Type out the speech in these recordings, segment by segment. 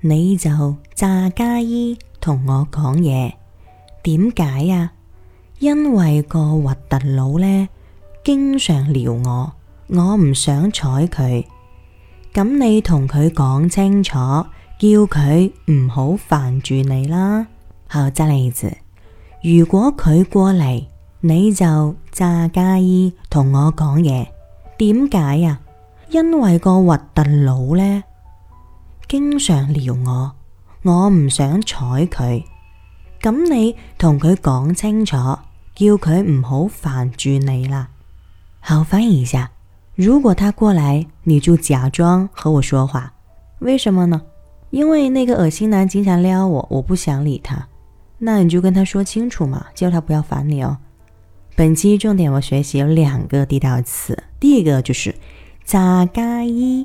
你就詐家意同我講嘢，點解啊？因為個核突佬咧，經常撩我，我唔想睬佢。咁你同佢講清楚，叫佢唔好煩住你啦。好則例子，如果佢過嚟，你就詐家意同我講嘢，點解啊？因為個核突佬咧。經常撩我，我唔想睬佢。咁你同佢講清楚，叫佢唔好煩住你啦。好，翻譯一下，如果他過來，你就假裝和我說話。為什麼呢？因為那個惡心男經常撩我，我不想理他。那你就跟他說清楚嘛，叫他不要煩你哦。本期重點我學習有兩個地道詞，第一個就是詐家意。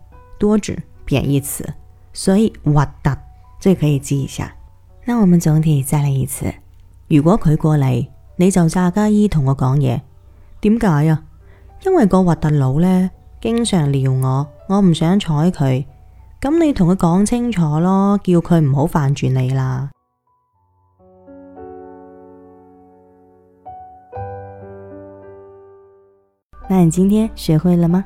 多指貶義詞，所以“核突”最可以記一下。那我們總體再來一次。如果佢過嚟，你就詐家意同我講嘢，點解呀？因為個核突佬呢，經常撩我，我唔想睬佢。咁你同佢講清楚咯，叫佢唔好煩住你啦。那你今天學會了嗎？